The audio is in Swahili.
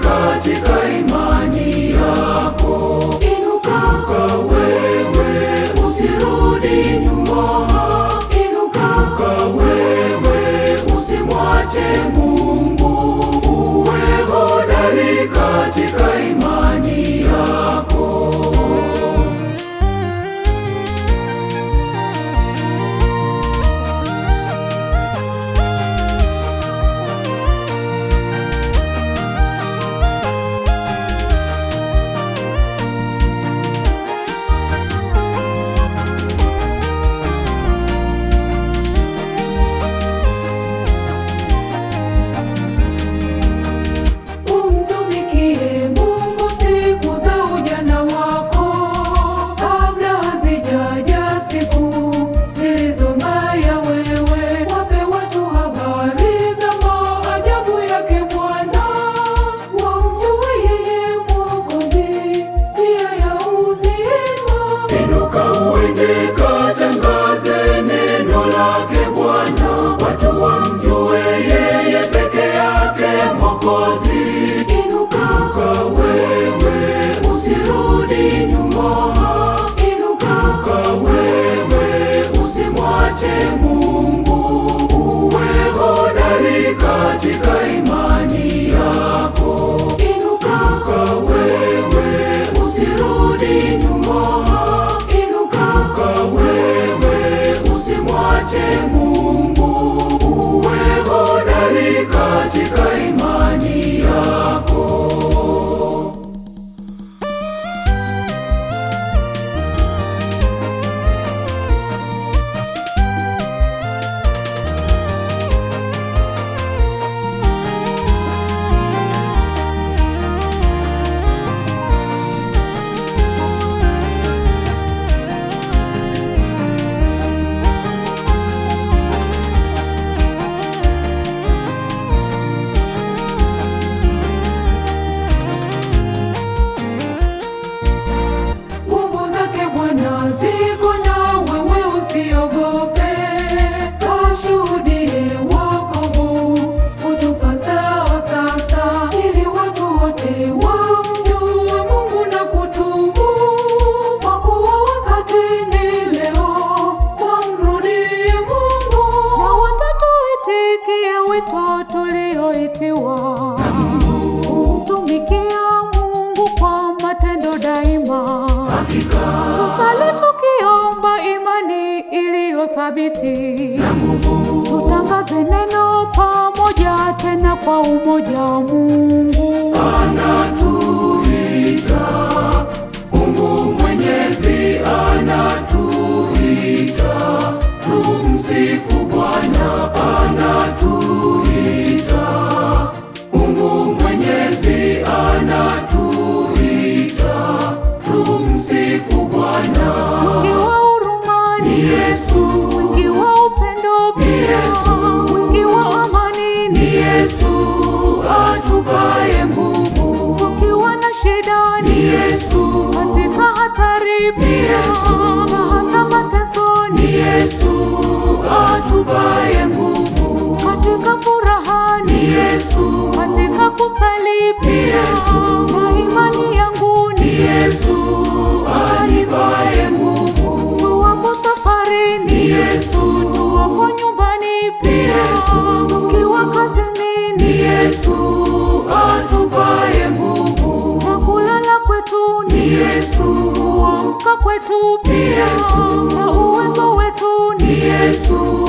katika thabiti, tutangaze neno pamoja, tena kwa umoja wa Mungu. vipimo na mateso, ni Yesu atupaye nguvu katika furaha, ni Yesu katika kusali, Yesu na imani yangu, ni Yesu anipaye nguvu tuwapo safari, ni Yesu tuwapo nyumbani, ni Yesu tukiwa kazini, ni Yesu atupaye nguvu na kulala kwetu, ni Yesu kwetu pia, na uwezo wetu ni Yesu.